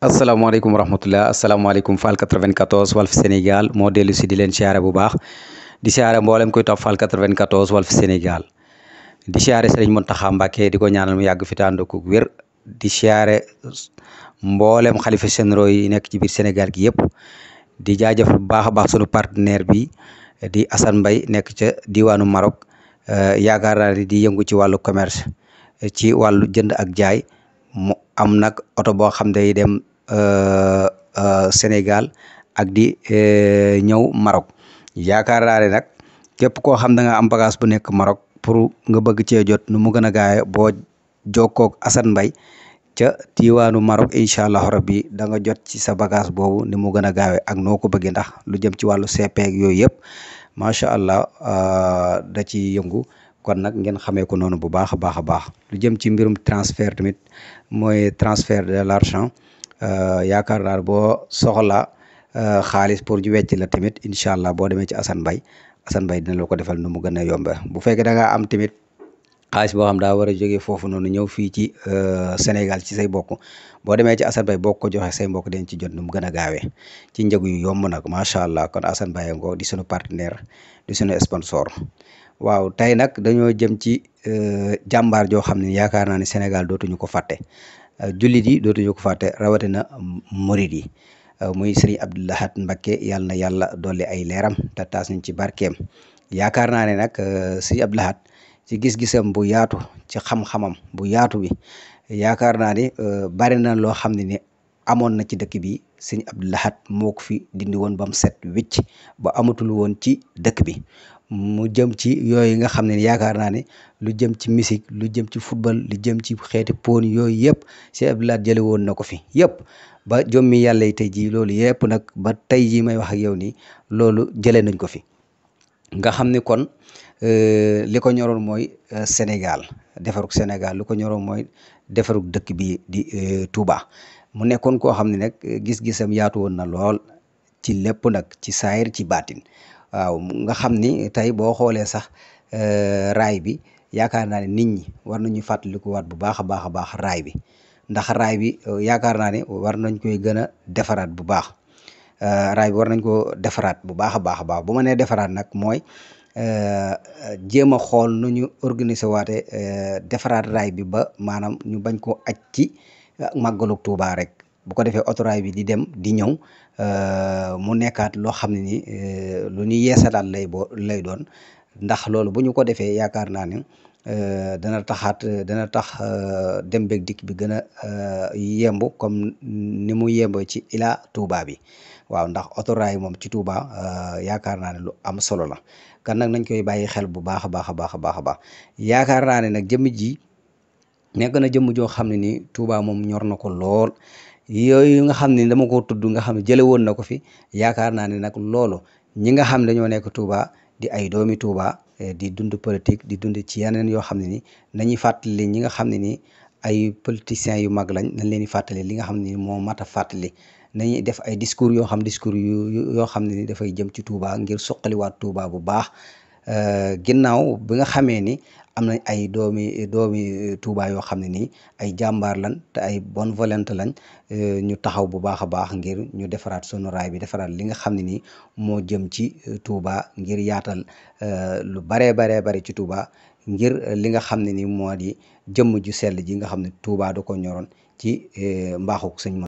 asalaamaaleykum wa rahmatulah asalaamaaleykum Fall 94 Walf Sénégal moo dellu si di leen siyaare bu baax di siyaare mboolem koy topp Fall 94 Walf Sénégal di siyaare Sëriñ Mountakha Mbacké di ko ñaanal mu yàgg fi tànd ko wér di siyaare mboolem xalifa généraux yi nekk ci biir Sénégal ki yëpp di jaajëf bu baax a baax sunu partenaire bi di Assane mbay nekk ca diwaanu Maroc eh, yaakaar naa ne di yëngu ci wàllu commerce ci wàllu jënd ak jaay mu. am nag oto boo xam day dem euh, euh, Sénégal ak di euh, ñëw Maroc yaakaar naa ne nag képp koo xam da nga am bagage bu nekk Maroc pour nga bëgg cee jot nu mu gën a gaawe boo jokkoog Assane Mbaye ca tiiwaanu Maroc incha allah rabbi da nga jot ci sa bagage boobu ni mu gën a gaawe ak noo ko bëggee ndax lu jëm ci wàllu CP e ak yooyu yëpp macha allah da ci yëngu kon nag ngeen xamee ko noonu bu baax a baax a baax lu jëm ci mbirum transfert tamit mooy transfert de l'argent euh, yaakaar naa boo soxla euh, xaalis pour ñu wecc la tamit incha allah boo demee ci Assane Mbaye Assane Mbaye dina la ko defal nu mu gën a yombe bu fekkee da am tamit xaalis boo xam daa war a jógee foofu noonu ñëw fii ci euh, Sénégal ci say bokk boo demee ci Assane Baye boo ko joxee say mbokk den ci jot nu mu gën a gaawee ci njëg yu yomb nag macha allah kon Assane Baye ngoo di suñu partenaire di suñu sponsor waaw tey nag dañoo jëm ci euh, jàmbaar joo xam ne yaakaar naa ne Sénégal dootuñu ko fàtte euh, jullit yi dootuñu ko fàtte rawatina murit yi muy Serigne Abdou Lahad Mbacké yàlla na yàlla dolli ay leeram te taas ñu ci barkeem yaakaar naa ne nag Serigne Abdou Lahad ci gis-gisam bu yaatu ci xam-xamam bu yaatu bi yaakaar naa ne euh, bari na loo xam ne ni amoon na ci dëkk bi sëñ Abdou Lahad moo ko fi dindi woon ba mu set wicc ba amatul woon ci dëkk bi mu jëm ci yooyu nga xam ne yaakaar naa ne lu jëm ci musique lu jëm ci football lu jëm ci xeeti pon yooyu yëpp sëñ Abdou Lahad jële woon na ko fi yëpp ba jommi yàlla yi tey jii loolu yëpp nag ba tey jii may wax ak yow nii loolu jëlee nañ ko fi nga xam ne kon Euh, li ko ñoroon mooy euh, Sénégal defarug Sénégal li ko ñoroon mooy defarug dëkk bi di euh, Touba mu nekkoon koo xam ni nag gis-gisam yaatu woon na lool ci lépp nag ci saayir ci baatin waaw nga xam ni tey boo xoolee sax raay bi yaakaar naa ne nit ñi war nañu fàttalikuwaat bu baax a baax a baax raay bi ndax raay bi yaakaar naa ne war nañ koy gën a defaraat bu baax raay bi war nañ ko defaraat bu baax a baax a baax bu ma nee defaraat nag mooy Euh, jéem a xool nu ñu organiser waate euh, defaraat raay bi ba maanaam ñu bañ ko aj ci euh, màggalu Tuubaa rek bu ko defee autorail bi di dem di ñëw mu nekkaat loo xam ne ni lu ñu yeesalaat lay boo lay doon ndax loolu bu ñu ko defee yaakaar naa ne Euh, dana taxaat euh, dana tax euh, dem beeg dikk bi gën a yemb comme ni mu yembo ci ila Touba bi waaw ndax autorail moom ci Touba yaakaar naa ne lu am solo la kan nag nañ koy bàyyi xel bu baax a baax a baax a baax a baax yaakaar naa ne nag jëmm ji nekk na jëmm joo xam ne ni Touba moom ñor na ko lool yooyu nga xam ne dama ko tudd nga xam ne jële woon na ko fi yaakaar naa ne nag loolu ñi nga xam dañoo nekk Touba di ay doomi Touba Eh, di dund politique di dund ci yeneen yoo xam ne ni nañuy fàttali ñi nga xam ne ni ay politiciens yu mag lañ nañ leen di fàttali li nga xam ne ni moo mat a fàttali nañuy def ay discours yoo xam discours yu yoo xam ne ni dafay jëm ci Touba ngir suqaliwaat Touba bu baax Euh, ginnaaw bi nga xamee ni am nañ ay doomi doomi Touba yoo xam ne nii ay jàmbaar lan te ay bonne volonté lañ euh, ñu taxaw bu baax a baax ngir ñu defaraat sunu raay bi defaraat li nga xam ne nii moo jëm ci Touba ngir yaatal euh, lu baree baree bari ci Touba ngir li nga xam ne ni moo di jëmm ju sell ji nga xam ne Touba da ko ñoroon ci mbaaxu sëñ